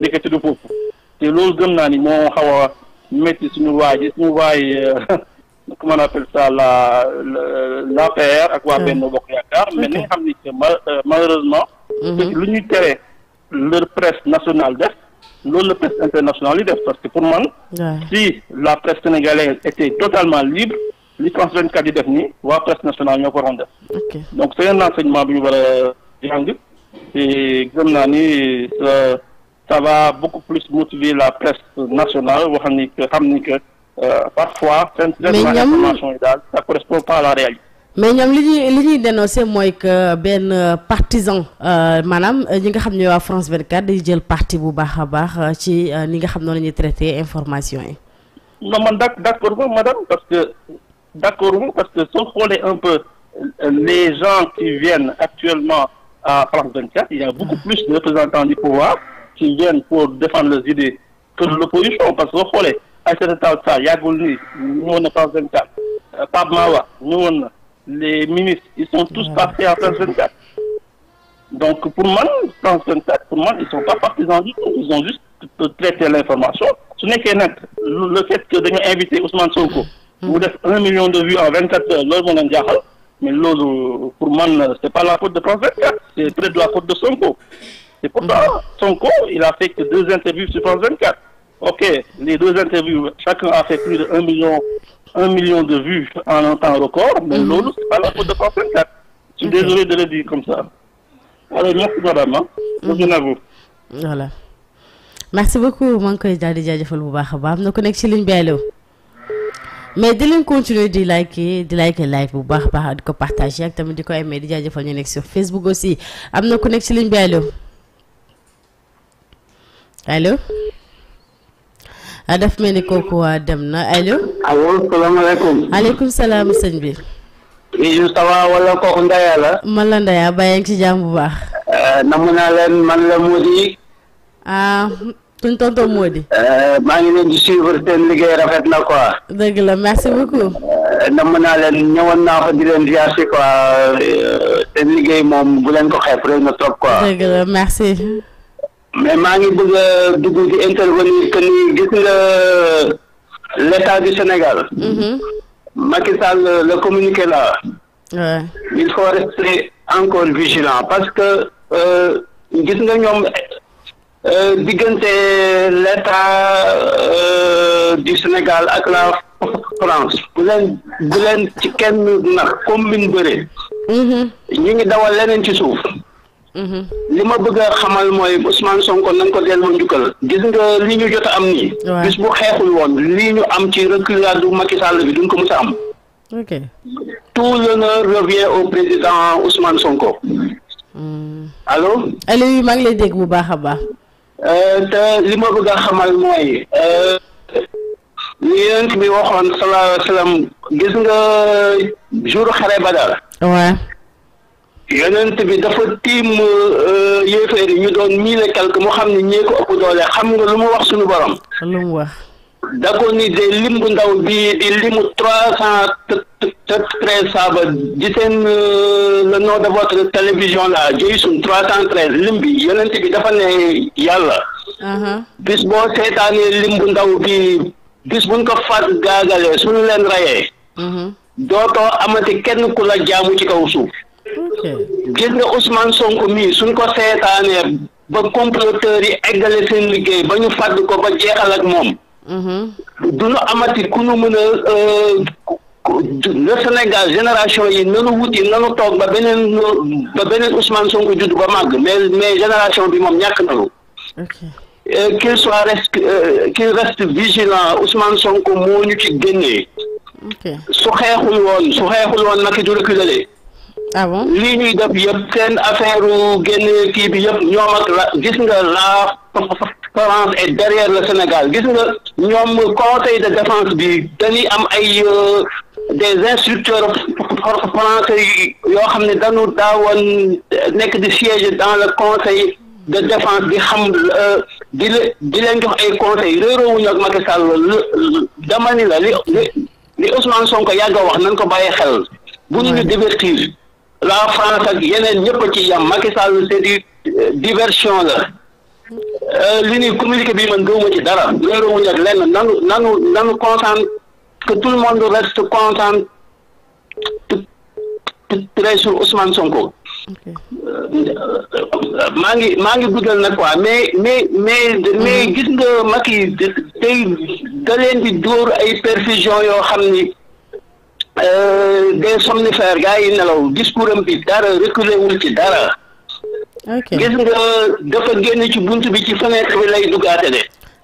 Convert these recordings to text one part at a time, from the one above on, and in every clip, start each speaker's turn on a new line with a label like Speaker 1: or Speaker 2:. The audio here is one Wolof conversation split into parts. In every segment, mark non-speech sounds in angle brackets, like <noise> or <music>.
Speaker 1: ndekete du foofu te loolu gëm naa ni moo xaw a métti suñu waay ji suñu waay euh, <laughs> comment on appelle ça la l'APR ak waa hmm. Benno Bokk Yaakaar mais nañ xam ni que euh, malheureusement hmm. lu ñuy tere leur presse nationale def loolu la presse internationale yi def parce que pour man si la presse sénégalaise était totalement libre li France 24 yi def nii waa presse nationale ñoo ko waroon def donc c'est un bi ñu war a jàng te gëm naa ni ça va beaucoup plus motiver la presse nationale wax ni que xam ni que euh, parfois. mais ñoom information yi daal ça
Speaker 2: mais ñoom li ñuy li ñuy dénoncé mooy que benn euh, partisan euh, maanaam ñi nga xam ne waa France 24 dañuy jël parti bu baax a baax ci ni nga xam noonu la ñuy traité information yi.
Speaker 1: non man d' accord ma madame parce que d' accord parce que soo xoolee un peu les gens qui viennent actuellement à France 24 il y a beaucoup mm. plus de représentants du pouvoir. qui viennent pour défendre les idées que de l'opposition parce que xoolee Aïssata Tall Sall yàggul nii ñëwoon na France 24 euh, Pape Mawa ñëwoon na les ministres ils sont tous partis à France 24 donc pour man France 24 pour man ils sont pas partisans du tout ils ont juste traité l'information su nekkee nag le fait que dañu invité Ousmane Sonko. Hmm. mu def un million de vues en vingt quatre heures loolu moo leen mais loolu pour man c'est pas la faute de C'est pourtant, Sonko, il a fait que deux interviews sur France 24. OK, les deux interviews, chacun a fait plus de 1 million, 1 million de vues en un temps record, mais mm -hmm. l'autre, c'est pas la faute de France 24. Je de le dire comme ça. Alors, merci madame. Hein. Mm -hmm. à vous. Voilà.
Speaker 2: merci beaucoup maa ngi koy daal di jaajëfal bu baax a baax am na ku nekk ci ligne bi allo mais di leen continuer di liker di liker live bu baax a baax di ko partager ak tamit di ko aimer di jaajëfal ñu nekk sur na ku nekk ci ligne bi allo ah, daf mel ni kooku waa ah, dem na allo.
Speaker 3: allo salaamaaleykum.
Speaker 2: maaleykum salaam sëñ bi.
Speaker 3: Bijou ça va wala kooku Ndaya la.
Speaker 2: man la Ndaya bàyyi ngi ci jàmm bu baax.
Speaker 3: Euh, namu naa leen man la Mody.
Speaker 2: ah suñ tonton Mody.
Speaker 3: Euh, maa ngi leen di suivre seen liggéey rafet na quoi.
Speaker 2: dëgg la merci beaucoup.
Speaker 3: Euh, namu naa leen ñëwoon naa fa di leen ziar si quoi seen liggéey moom bu leen ko xeeb rek na trop quoi. dëgg la merci. mais maa ngi bëgg a dugg di intervenir que ni gis nga l' état du Sénégal. Mhm. Macky Sall communiqué là. il faut rester encore vigilant parce que euh, gis nga ñoom euh, diggante l' état euh, du Sénégal ak la France bu leen ci kenn nax comme bi ñu bëree. Mhm. ñu ngi dawal leneen ci suuf.
Speaker 2: li
Speaker 3: ma bëgg xamal mooy Ousmane Sonko nañ ko delloo njukkal. gis nga li ñu jot am nii. bis bu xeexul woon li ñu am ci reculade du Macky Sall bi duñ ko mës sa am. ok tout l'honneur revient au président Ousmane Sonko. allo. allo yi maa ngi lay dégg bu baax a baax. Euh, te li ma bëgg a xamal mooy. li euh, yonent bi waxoon sallallahu alayhi gis nga jour xare Badar. waaw. yonent bi dafa tiim euh, yéeféer yi ñu doon mille et quelque mu xam ne ñee ko ëpp doole xam nga lu mu wax suñu borom lu mu wax da ko ni de lim bu ndaw bi di limu trois cent treize saaba di seen euh, le nom de votre télévision là joyu suñ trois cent treize lim bi yonent bi dafa ne yàlla bis boo seetaanee lim bu ndaw bi bis buñ ko faat gaagalee suñu leen rayee mhm. dootoo amati kenn ku la jaamu ci kaw suuf gis nga Ousmane Sonko mii suñ ko seetaanee ba comploteurs yi eggale seen liggéey ba ñu fàdd ko ba jeexal ak moom mhm. du ñu amati ku ñu mën a euh, Sénégal génération yi nanu wuti nanu toog ba beneen ba beneen Ousmane Sonko judd ba màgg mais mais génération bi moom ñàkk nalu euh, qu'il soit reste euh, qu'il reste vigilant Ousmane Sonko moo ñu ci génnee su xeexul woon su xeexul woon naka du reculer ah bon lii ñuy def yëpp seen affaire génne kii bi yëpp ñoom ak la gis nga la France est derrière le Sénégal gis nga ñoom conseil de défense bi dañuy am ay euh, des instructeurs français yoo xam ne dañu daawoon nekk di siège dans le conseil de défense euh, di xam di di leen jox ay conseils réeroowuñu ak Macky Sall dama ni la li li Ousmane Sonko wax nañ ko bàyyi xel bu ñu divertir la France ak yeneen ñëpp a ci yam Macky Sall c'est euh, diversion la euh, li ñuy communiqué bi man gëwuma ci dara léeroowuñu ak lenn nanu nanu nanu concentre que tout le monde reste concentre très sur Ousmane Sonko euh, maa ngi maa ngi guddal nag quoi mais mais mais mais mm-hmm. gis nga Macky tey da leen di dóor ay perfusion yoo xam ni Euh, des somnifères gars yi nelaw discours am bi dara reculé wul ci dara. gis nga dafa génn ci bunt bi ci fenêtre bi lay duggaate de.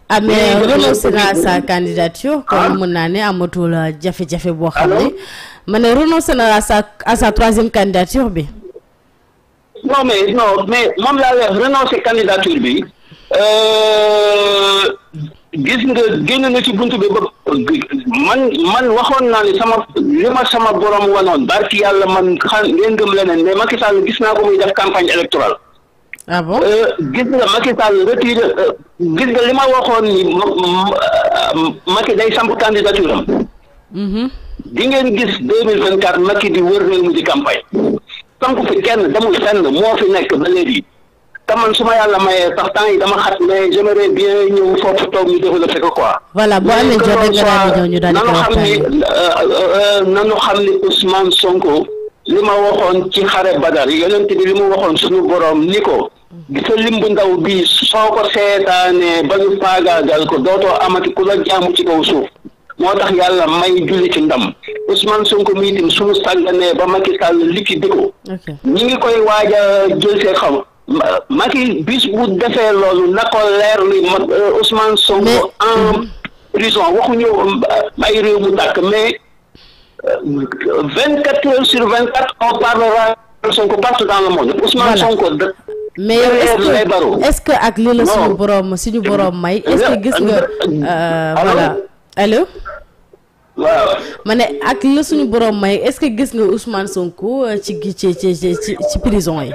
Speaker 3: ah mais na sa
Speaker 2: candidature. kon ah? mën naa ne amatul euh, jafe-jafe boo xam ne. ma ne na à sa à candidature bi.
Speaker 3: non mais non mais moom laa wax renoncer candidature bi. Euh, gis nga génn na ci bunt bi ba man man waxoon naa ne sama li ma sama borom wanoon barki yàlla man xam ngeen gëm leneen mais Macky Sall gis naa ko muy def campagne électorale. ah bon euh, gis nga Macky Sall euh, gis nga li ma waxoon ni Macky day samp candidature am. Mm-hmm. di ngeen gis deux mille vingt quatre Macky di wër réew mu di campagne. samp fi kenn demul fenn moo fi nekk ba léegi. te man su ma yàlla mayee tax temps yi dama xat mais j'aimerais bien ñëw foofu toog ñu développé ko quoi. voilà boo amee jot rek nga daal di ñëw euh, euh, euh, xam ni Ousmane Sonko li ma waxoon ci xare Badar yonent bi li mu waxoon suñu borom ni ko. sa lim bu ndaw bi soo ko seetaanee ba ñu faagaagal ko dootoo amati ku la jaamu ci kaw suuf moo tax yàlla may julli ci ndam Ousmane Sonko muy itam suñu sàgganee ba Macky Sall liquide ko. ñi ngi koy waaj a jël see xam. Macky bis bu defee loolu na ko leer ni euh, Ousmane Sonko en mm-hmm. prison waxuñu euh, ay réew mu tàkk mais euh, vingt quatre heures sur vingt quatre on parlera Sonko partout dans le monde Ousmane Sonko dëkk mais yow est ce que ak li la suñu boroom suñu
Speaker 2: boroom may est ce que gis nga voilà allo waaw ma ne ak li la suñu boroom may est ce que gis nga Ousmane Sonko ci ci ci ci ci prison yi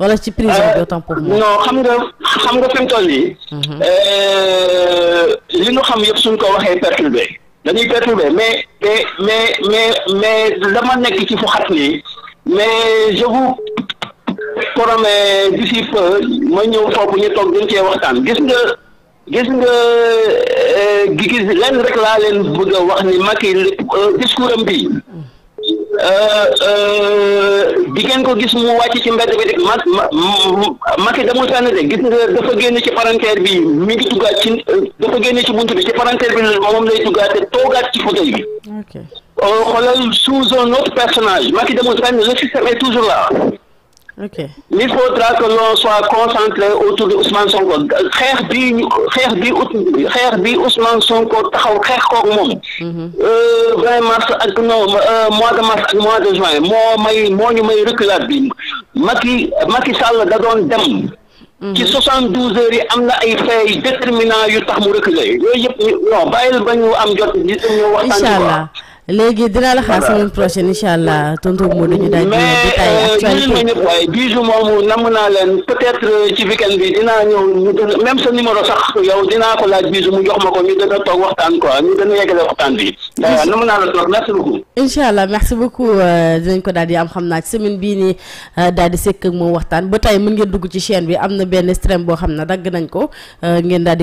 Speaker 2: wala ci prison bi euh, autant pour moi. xam nga
Speaker 3: xam nga fi mu toll nii. Mhm. Euh, li ñu xam yëpp suñ ko waxee perturbé dañuy perturbé mais mais mais mais mais dama nekk ci fu xat nii mais je vous promets d'ici peu ma ñëw foofu ñu toog dañ cee waxtaan gis nga. gis nga euh, gis lenn rek laa leen bëgg wax ni Macky discours am bii di euh, euh, ngeen ko gis mu wàcc ci mbedd bi de ma Macky demul fenn de gis nga dafa génn ci palanteer bi mi ngi duggaat ci dafa génn ci bunt bi ci palanteer bi moom lay duggaat te toogaat ci fauteuil bi. Euh, xoolal sous un autre personnage Macky demul fenn le système est toujours là. Okay. Il faudra que l'on soit concentré autour de Ousmane Sonko xeex bi xeex bi xeex bi Ousmane Sonko taxaw xeex koog moom. Mhm. Euh, vingt mars ak non euh, mois de mars ak mois de juin moo may moo ñu may reculade bi Macky Macky Sall da doon dem. Mhm. ci soixante douze heures yi am na ay faits déterminants yu tax mu reculer yooyu yëpp ñu bàyyil ba ñu am jot ñu waxtaan.
Speaker 2: léegi dinaa la xaar semaine prochaine incha allah tonton Modou ñu daal di mais euh,
Speaker 3: waaye naa leen peut euh, dinaa sa numéro sax yow dinaa ko laaj bijou mu jox ma ko ñu dana toog waxtaan quoi ñu dana yeggale waxtaan bi. waaw euh, namm naa la trop merci beaucoup.
Speaker 2: incha allah merci beaucoup dinañ ko daal am xam naa semaine bii nii daal di sekk ak moom waxtaan ba tey mën ngeen dugg ci chaîne bi am na benn stream boo xam ne dagg nañ ko ngeen daal